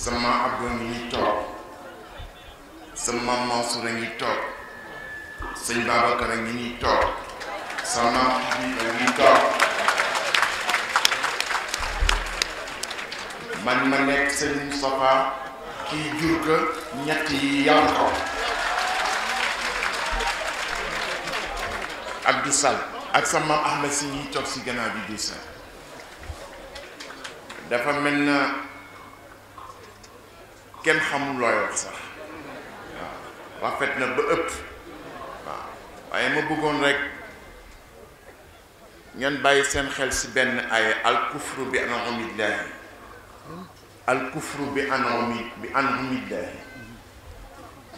sama Abdou a ngi toog sama Mansour a ngi toog sëñ Babacar a ngi nii toog a ngi toog man ma nekk sëñ Moustapha kii jur ka ñett yi yam ko Abdou Sall ak sama Ahmed si ñuy toog si gannaaw bi di dafa mel na kenn xamul looy wax sax waaw rafet na ba ëpp waaw waaye ma bëggoon rek ngeen bàyyi seen xel ci benn ay alkufru bi anamillaahi alkufru bi anami bi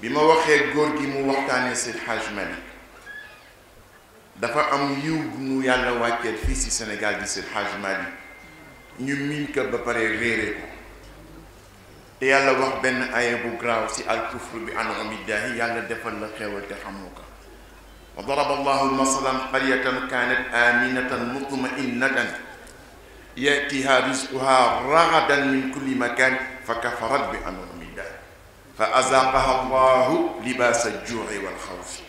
bi ma waxee góor gi mu waxtaanee ci Hajj Malick dafa am yiw bu nu yàlla wàcceel fii ci senegal di ci Hajj Malick ñu miin ko ba pare réere ko te yàlla wax benn aaya bu graaw si alkufru bi anamillaahi yàlla defal la xéewal te xamoo ko wa daraba allahu masalan qaryatan kaanat aminatan mutma'innatan yatiha rizquha ragadan min kulli makan fa kafarat bi anamillaahi fa azaqaha allahu libaasa juu'i wal xawfi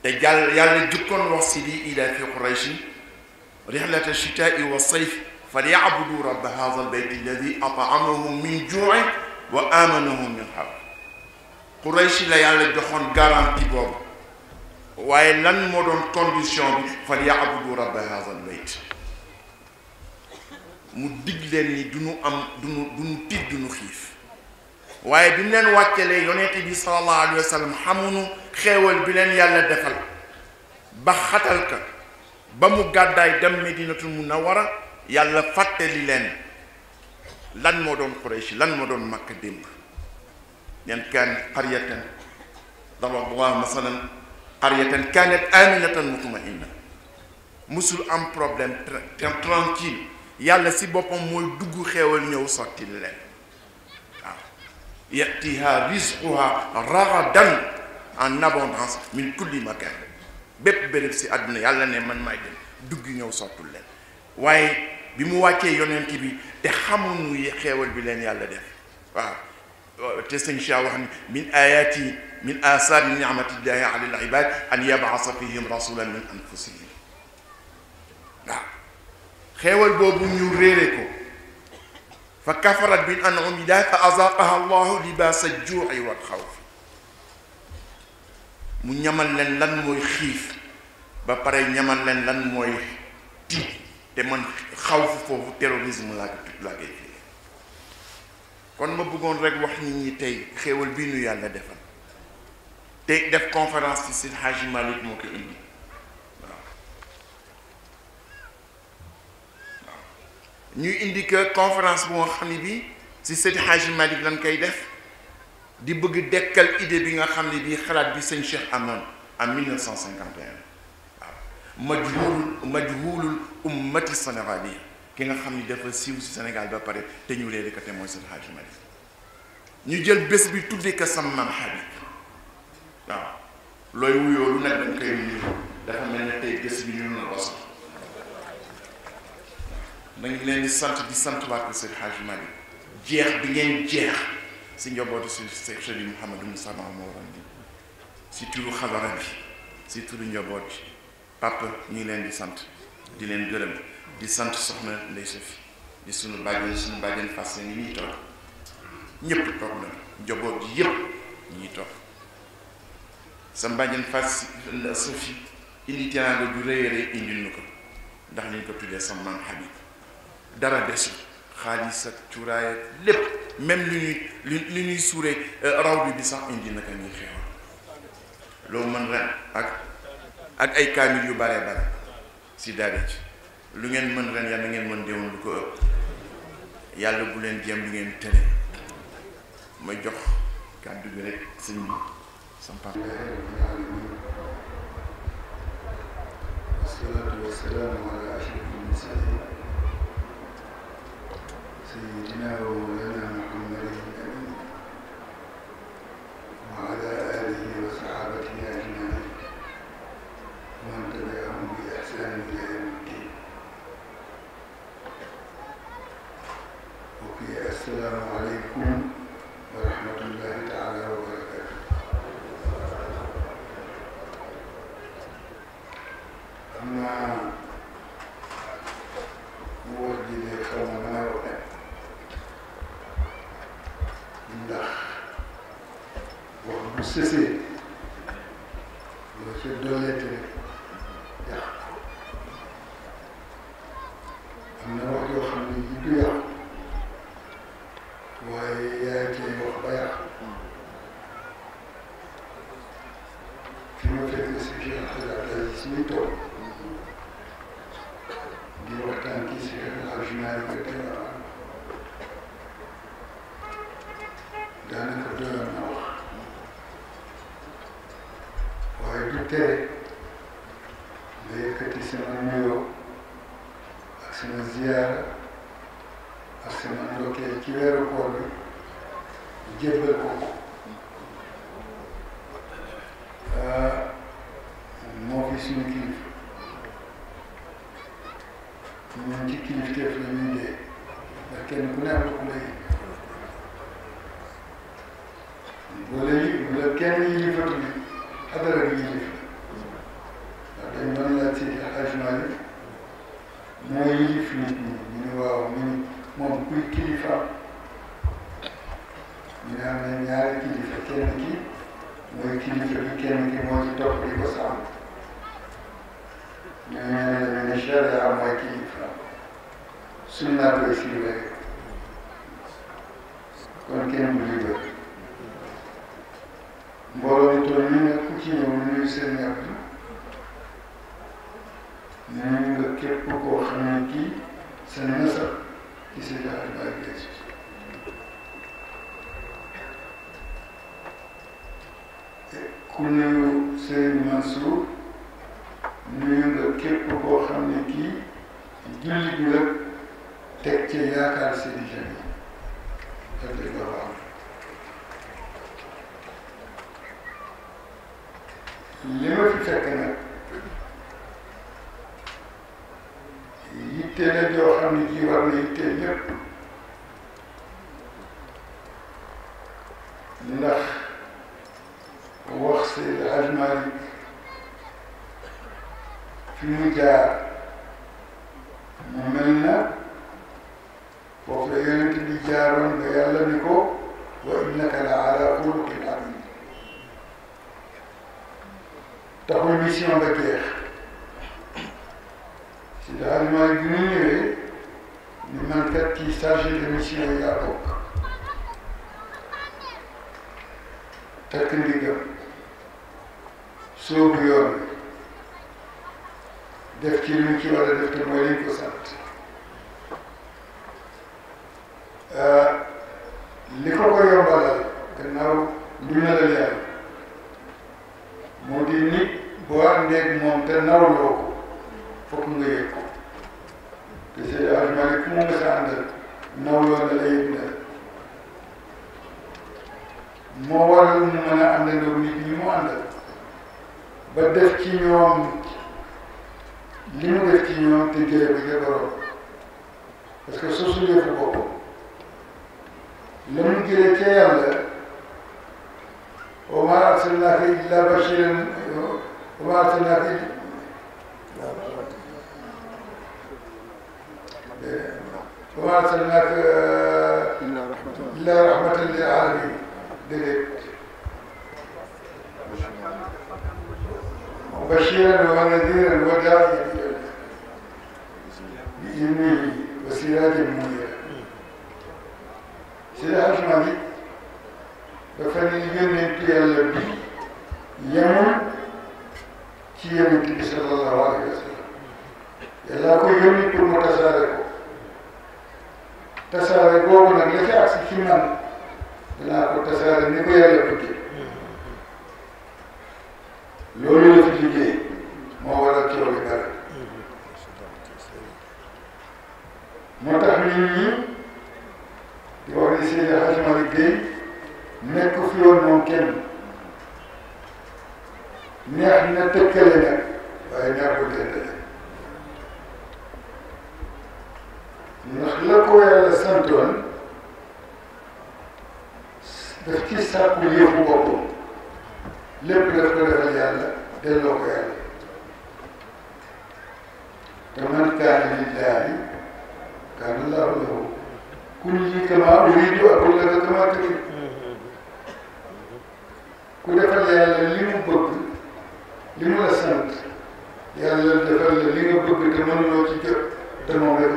te jàll yàlla jukkoon wax si lii ilaa fi quraysh rihlata shitaa'i wa sayf falyabudu rabba hadha albayt alladi atamahum min juuin wa amanahum min xawf Quraysh la yàlla joxoon garantie boobu waaye lan moo doon condition bi falyabudu rabba hadha albayt mu dig leen ni du ñu am du ñu du ñu tiit du ñu xiif waaye bi mu leen wàccelee yonent bi sallallahu alayhi wa sallam xamuñu xéewal bi leen yàlla defal ba xatal ka ba mu gàddaay dem Medinatul Munawwara yàlla fàttali leen lan moo doon Quraysh lan moo doon Makka démb leen kaan qaryatan daraba Allahu masalan qaryatan kaanat aminatan mutma'inna musul am problème tranquille yàlla si boppam mooy dugg xewal ñëw sotti leen waaw yatiha rizquha ragadan en abondance min kulli bépp béréb si àdduna yàlla ne man maay dem dugg ñëw sottul leen waaye bi mu wàccee yonent bi te xamuñu xeewal bi leen yàlla def waaw te sëñ Cheikh wax ni min ayati min asaari ni'matillahi ala al-ibad an yab'asa fihim rasulan min anfusihim waaw xeewal boobu ñu réere ko fa kafarat bil an'ami llahi fa azaqaha allahu libaasa al-ju'i wal xawf mu ñamal leen lan mooy xiif ba pare ñamal leen lan mooy tiit te man xaw fu foofu terrorisme laa laa koy jëlee kon ma bëggoon rek wax nit ñi tey xewal bii nu yàlla defal te def conference ci Seydi Hadji Malick moo ko indi waaw waaw ñuy indi que conférence bu nga xam ne bii ci Seydi Hadji Malick lan koy def di bëgg dekkal idée bi nga xam ne bii xalaat bi sëñ Cheikh amoon en 1951. majhulul majhulul ummati yi ki nga xam ni dafa siiw si Sénégal ba pare te ñu leen di ko te mooy Seydi Hadji ñu jël bés bi tuddee ko sama maam waaw looy wuyoo lu nekk dañ koy wuyu dafa mel ne tey bés bi ñu na bos dañ leen di sant di sant waat ko Seydi Hadji jeex bi ngeen jeex si njabootu si Seydi Mouhamadou Moussa Mamour bi si turu xadara bi si turu njaboot papa ñu ngi leen di sant di leen gërëm di sant soxna Ndeye Sophie di sunu bàjjen sunu bàjjen fas yi ñuy toog ñëpp toog na njaboot gi yëpp ñuy toog sa bàjjen fas Sophie indi teraanga du réyére indil nu ko ndax ñu ko tuddee sa maam Habib dara desul xaalis ak cuuraay ak lépp même lu ñuy lu ñuy suuree euh, raw bi bi sax indi naka ñuy xeewal loo mën ren ak ak ay kaamil yu bare bare si daara lu ngeen mën ren yàlla ngeen mën déwén lu ko ëpp yàlla bu leen jéem lu ngeen tere ma jox kàddu bi rek sëñ bi sama papa te ñoo fekk si fii alhamdulilah si ñuy toog di waxtaan kii si alhamdulilah yi nga teel a am daanaka doyoon na wax waaye du tere. ndax dañ doon laajte El Hadj Malick moo yilif nit ñi ñu ne waaw ñu ne moom kuy kilifa ñu ne am na ñaari kilifa kenn ki mooy kilifa bi kenn ki moo ci topp di ko sàmm ñu ne ne charia mooy kilifa sunna koy siré kon kenn du libéré mbooloo mi toll nii nga ku ci ñëw nuyu seen yàq nee nga képp koo xam ne kii seen nasar ci sa jaay baay geesu ku nuyu seen Mansour nuyu nga képp koo xam ne kii jullit bi la teg ci yaakaar seen i jëriñ ak li nga wax li ma fi fekk nag yitte la joo xam ne ji war na yitte ñëpp ndax wax Seydi El Hadji Malick fi mu jaar mu mel na foofu la yonent bi jaaroon ba yàlla ni ko wa innaka la ala xuluqin taxul mission ba jeex si daal maa ngi nu ñëwee ni man kat ci chargé de mission yi laa bokk takk ndigam sóobu yoon def ci luñ ci war a def te mooy ko ko ko yombalal gannaaw lu ne la yàlla moo di nit boo àndeeg moom te nawloo ko fokk nga ko te Seydi El Hadji Malick ku mu nga na la yëg na moo waral mu mën a àndandoo nit ñi mu àndal ba def ci ñoom li mu def ci ñoom te jëlee ba ca borom parce que su su yëfu bopp mu jëlee ca yàlla arsalnaaka illaa bashiran wa maa arsalnaaka wa maa arsalnaaka illaa rahmatan lil aalamiin déedéet bashiran wa nadiran wa daa'iyan bi idnihi wa sirajan muniiran dafa ne yónneenti yàlla bi yemul ci yonent bi sallallahu alayhi wa sallam yàllaa ko yónni pour mu tasaare ko tasaare boobu nag la ci agsi ci man danaa ko tasaare ni ko yàlla bëggee loolu la fi liggéey moo waral coow li bare moo tax nit ñi kenn neex na tëkk mënuñoo ci jot te moom rek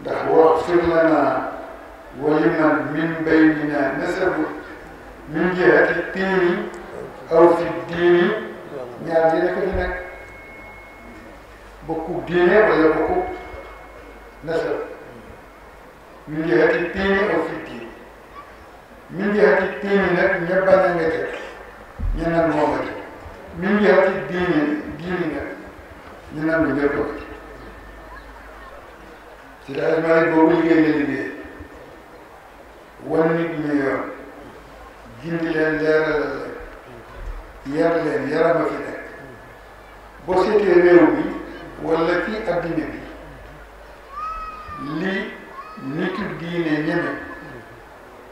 ndax waxfir lanaa wa liman min baynina nasabu min jihati tiini aw fi diini ñaar dina ko fi nekk bokku diine wala bokku nasab min jihati tiini aw fi diini min jihati tiini nag ña bañ a nga jël ñu naan moom a jël min jihati diini diini nag ñu naan lu ñëpp a ko si daal maa boobu liggéey la liggéey wan nit ñi yoon gindi leen leeralal leen yar leen yarama fi nekk boo seetee réew bi wala fii addina bi lii nitu diine ñeme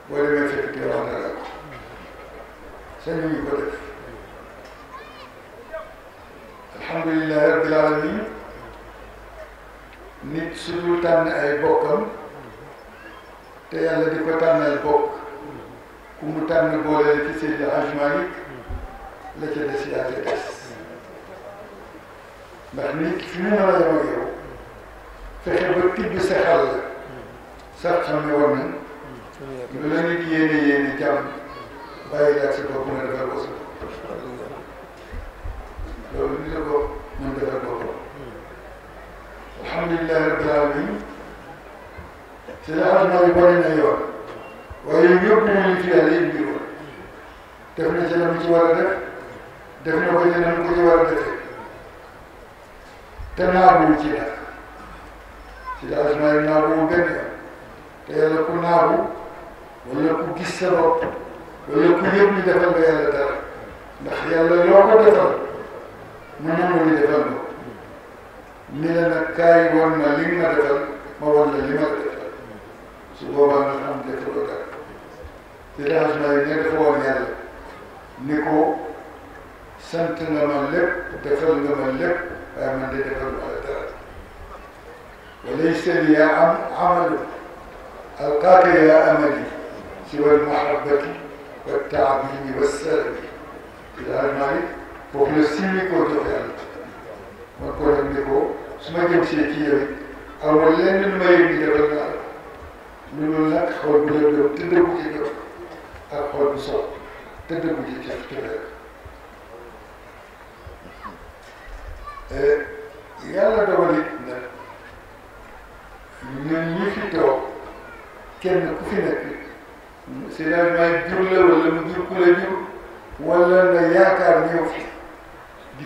boo demee fekk te wax na la ko sañu ñu ko def alhamdulillahi rabbil alamin suñu tànn ay bokkam te yàlla di ko tànnal bokk ku mu tànn boole ci seen arrangement yi la ca des yaa ca des ndax nit fi mu mën a yem ak yow fexe ba tibb sa xàll sax xam nit yéene yéene jàmm bàyyi laaj sa bopp mën a defal ko ni la ko mën defal alhamdulilah rabbil alamin si la adduna bi bari na yoon waaye yëpp ñu ci def na ci la ci war a def na ko ci la mu ko ci war a defee te naabuwul ci dara si la adduna bi naabuwul benn te yàlla ku naabu wala ku gis sa bopp wala ku yëpp ñu defal ko yàlla dara ndax yàlla loo ko defal mu nangu ñu defal ko ni la nag kaay woon na li ma defal ma li ma ko defal su boobaa nga xam ne dafa doon dara te daal maa ngi ne dafa ni ko sant nga ma lépp nga ma lépp waaye man de defal ma la dara walay seen yaa am amalu alqaaka yaa amali si wal mahabbati wa taabini wa salami te daal maa ngi foofu la simi koo jox yàlla su ma jëm see ci yow it amul lenn lu ma yëg ñu defal naa la lu dul nag xool bu lëndëm te dëggu ci jëf ak xool bu sopp te dëggu ci eh, jëf te leer yàlla dogal it nag ñun ñi fi toog kenn ku fi nekk si la may jur la wala mu jur ku la jur wala nga yaakaar ñëw fi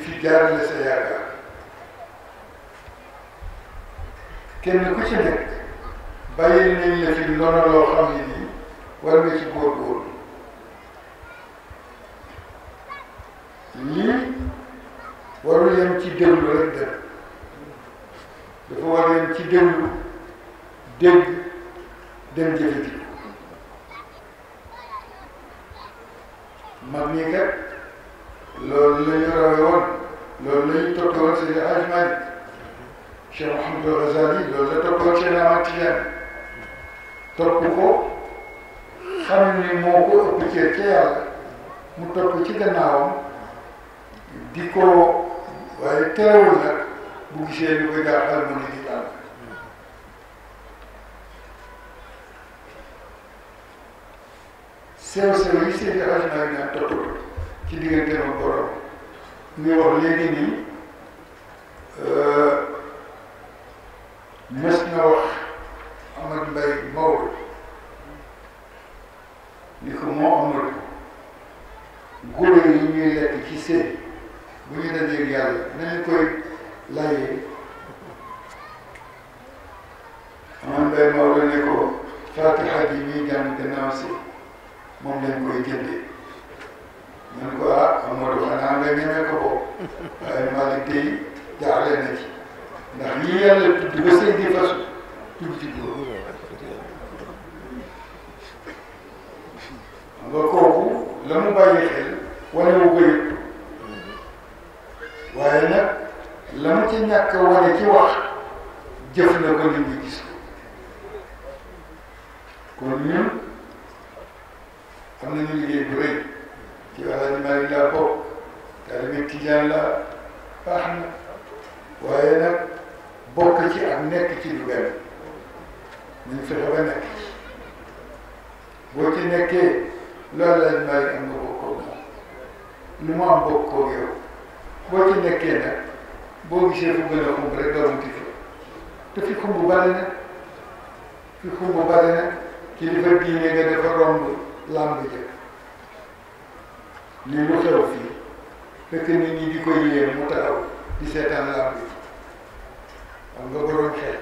fi jaarale sa yaakaar. kenn ku ci nekk bàyyi nañ la fi ndono loo xam ne nii war nga ci góorgóorlu lii warul yem ci déglu rek def dafa war yem ci déglu dégg dem jëfati mag ñi loolu la ñu rawee loolu la ñu toppee woon seen ajmaani Cheikh Mouhamadou Razali loolu la toppoo Seydina Tijaan topp ko xam ni moo ko ëpp cër ca yàlla mu topp ci gannaawam di ko waaye teewul nag bu gisee lu ko jaaxal mu ne di daal sew sew yi seen arrangement yi daan topp ci diggante ma borom ñu wax léegi nii mës na wax Amadou Mbaye Maodo ni ko moo amul guro yi ñuy lekk ci seen bu ñu dajeeg yàlla nañu koy layee Amadou Mbaye Maodo ne ko fatiha yi ñuy jàng gannaaw si moom lañ koy jëndee man ko ah Amadou xanaa nga ñemee ko ko waaye Malick tey jaaxle na ci ndax lii yàlla tudd ba di fas tudd ci góor nga kooku la mu bàyyi xel wane wu ko yëpp waaye nag la mu ci ñàkk a wane na ko nit ñi gis kon ñun am nañu liggéey bu rëy ci wàllu mbay laa bokk daal bi la baax na bokk ci ak nekk ci du benn ba nekk ci boo ci nekkee loolu may am nga bokkoo moom lu mu am bokkoo yow boo ci nekkee nag boo gisee fu gën a xumb rek doomu ti te fi xumb bari na fi xumb bari na kilifa diine nga dafa romb làmb jëkk lii fii fekk nit ñi di ko yéem mu taxaw di seetaan làmb xam nga boroom xel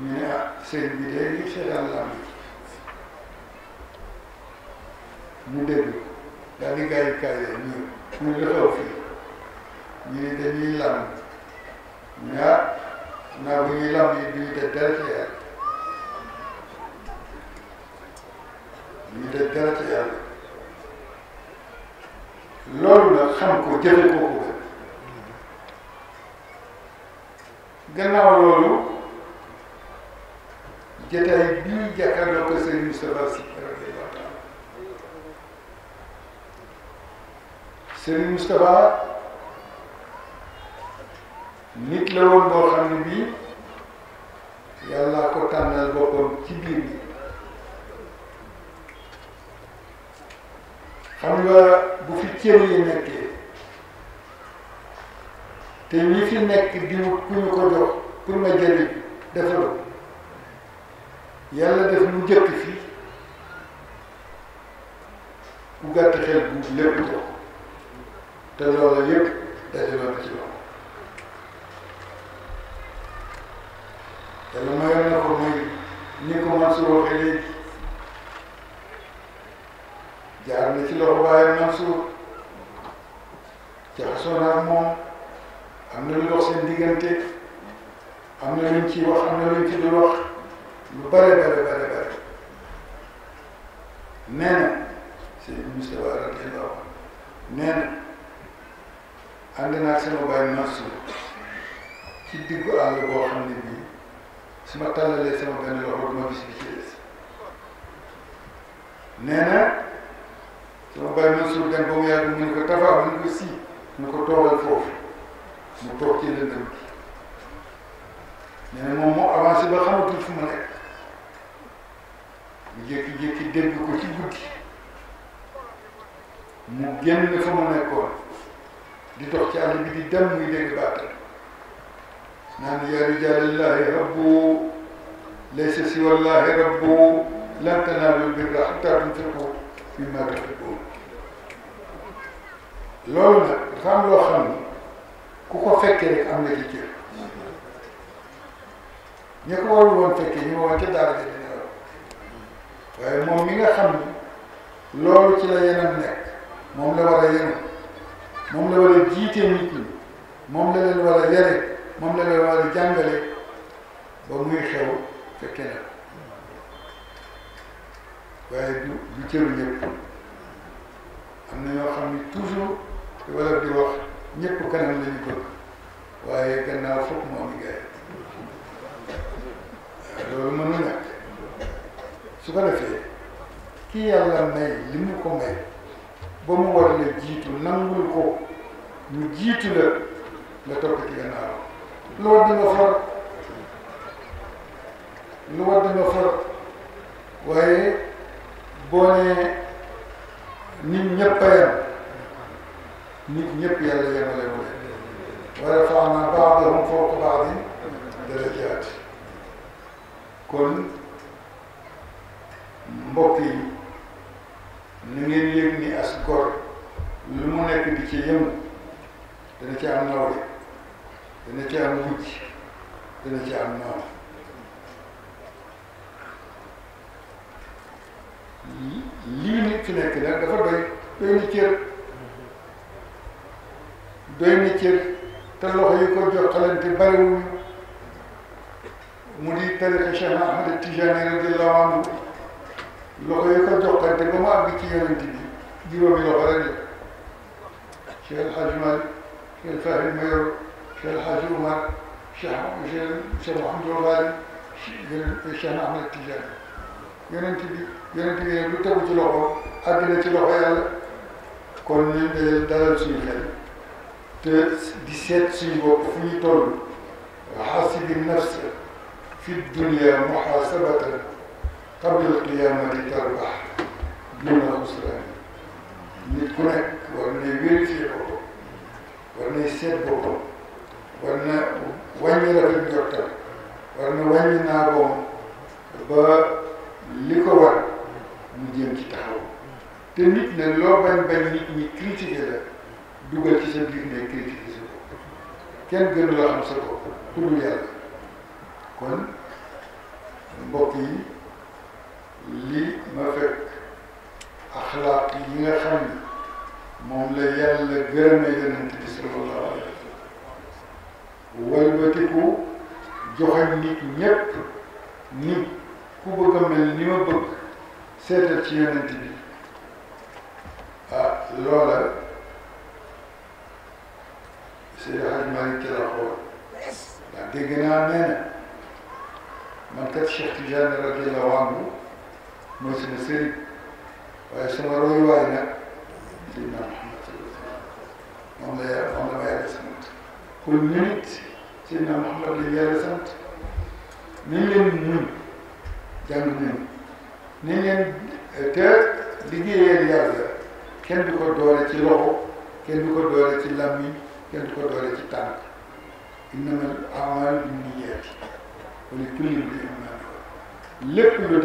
ñu ne ah sëriñ bi de li seetaan la am ñu dégg daal di gars yi kaay ñu ñu la fii ñu ne dañuy lam ñu ne ah naa bu ñuy loolu nag xam ko jëfe gannaaw loolu jotaay bi ñu jàkkaarloo ko sëriñ Moustapha Sy radiyallahu taala sëriñ Moustapha nit la woon boo xam ne bii yàlla ko tànnal boppam ci biir bi xam nga bu fi cër yi nekk te ñi fi nekk di wut ku ñu ko jox pour ma jëriñ defaloo yàlla def mu njëkk fii ku gàtt xel bu lépp jox te loola yëpp dajaloo na ci loolu yàlla mayoon na ko muy ni ko Mansour waxee jaar na ci loxo waaye Mansour jaxasoo naa moom am na lu wax seen diggante am na luñ ci wax am na luñ ci dul wax lu bare bare bare bare nee na si monsieur Ba radiyallahu nee na ànd naag sama bàyyi Mansour ci diggu àll boo xam ne bii su ma tàllalee sama benn loxo du bi ci des nee na sama bàyyi Mansour dem ba mu yàgg mu ne ko tafa mu ne mu toog ci lëndëm bi nee na moom moo avancé ba xamatul fu mu nekk mu jékki-jékki dégg ko ci guddi mu génn fa mu nekkoon di dox ci àll bi di dem muy dégg baatal naan yaa rijaalillahi rabbu laysa si wallahi rabbu lan tanaalul birra hattaa tunfiqu mimmaa tuhibbuun loolu nag dafa am loo xam ne ku ko fekkee rek am na ci cër ñi ko warul woon fekkee ñu woon ca daara ja dina moom mi nga xam ni loolu ci la yeneen nekk moom la war a yeneen moom la war a jiite nit ñi moom la leen war a yare moom la leen war a jàngale ba muy xew fekke na waaye du du cëru ñëpp am na ñoo xam ni toujours wala di wax ñëpp kanam la ñu bëgg waaye gannaaw foog mu am gaay loolu mënul nekk su ko defee ki yàlla may li mu ko may ba mu war la jiitu nangul ko mu jiitu la nga topp ci gannaaw lu war di nga far lu war di nga far waaye boo nee nit nit ñëpp yàlla yemale mu leen wa rafa'naa ba'dahum fawqa ba'din darajaat kon mbokk yi Cheikh Mouhamadou Bari yeneen Cheikh Ahmed Tidiane yonent bi yonent bi lu tegu ci loxo àddina ci loxo yàlla kon ñu ngi dalal suñu xel te di seet suñu bopp fu ñu toll xaasibi nafs fi dunia muhaasabatan qabla qiyaamati tarbah duna usrani nit ku nekk war nay vérifier boppam war nay seet boppam war na wàññi rafet njortam war na wàññi naagoom ba li ko war mu jéem ci taxaw te nit ne loo bañ bañ nit ñi critiquer la ci sa biir ne critiquer sa bopp kenn gënu la xam sa bopp ku dul yàlla kon mbokk yi li ma fekk axlaaq yi nga xam ni moom la yàlla gërëme yonent joxoñ nit ñépp nit ku bëgg a mel ni ma bëgg seetal ci yonent bi ah loola Seydi Hadj Malick ci la xool ndax dégg naa nee na man kat Cheikh Tidiane radiyallahu anhu mooy sama sëriñ waaye sama roy waay nag Seydina Muhammad moom la yàlla moom la ma yàlla sant kon nit Seydina Muhammad la yàlla sant nañ leen muñ jàng muñ nañ leen te liggéeyal yàlla kenn du ko doole ci loxo kenn du ko doole ci làmmiñ kenn du ko doole ci tànk innamal a'maalu binniyaati wa likulli imri'in maa nawaa lépp lu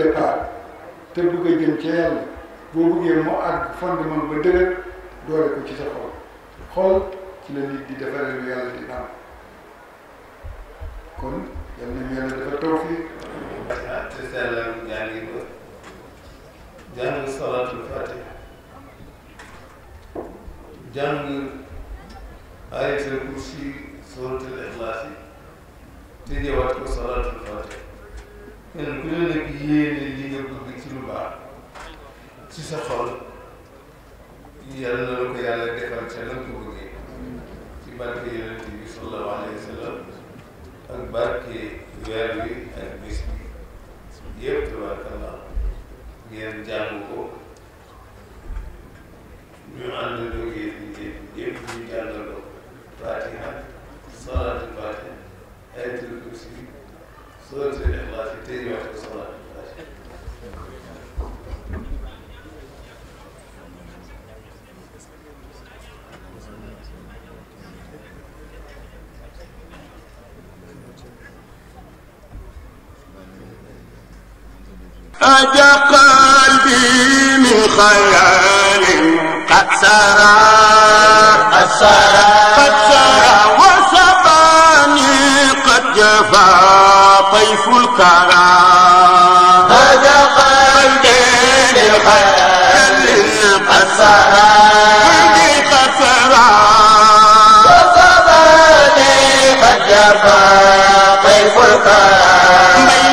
te bëgg a jëm ca yàlla boo bëggee moo àgg fondement ba dëgër doole ko ci sa xol xol ci la di defaree lu yàlla di am kon yal nañu yàlla dafa taw fii. ah te sell yaa ngi ko jàng salatul fatiha jàng ayatul kursi suratul ixlaas yi tëjewaat ko salatul fatiha kenn ku ne nag yéene li nga bëgg ci lu baax ci sa xol yàlla na la ko yàlla defal ca la ko bëggee ci barke yonent bi sallallahu alayhi wa ak i weer wi ak bis bi yëpp tabarakallah ngeen jàng ko ñu ànd dogee ñu jël yëpp ñu jàngaloo fatiha salaatul fatiha ayatul kursi suratul ixlaas yi tëj wax ko salaat أجى قلبي من خيال قد سرى قد سرى قد سرى وسباني قد جفا طيف الكرى أجى قلبي من خيال قد سرى قلبي قد سرى وسباني قد جفا طيف الكرى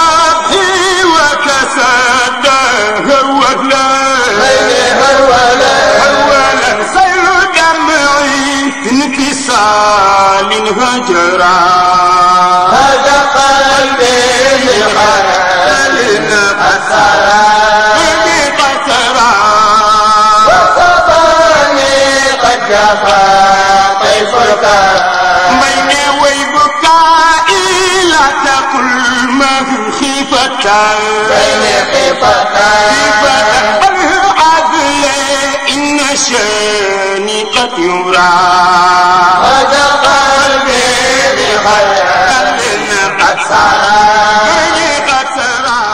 من فجرا هدق البيت خلال قسرا قسرا وسطني قد جفا طيفك بين ويبكائي لا تقل ما في خيفتك بين خيفتك المشاني قد يرى قد قلبي بخير قد سرى قد سرى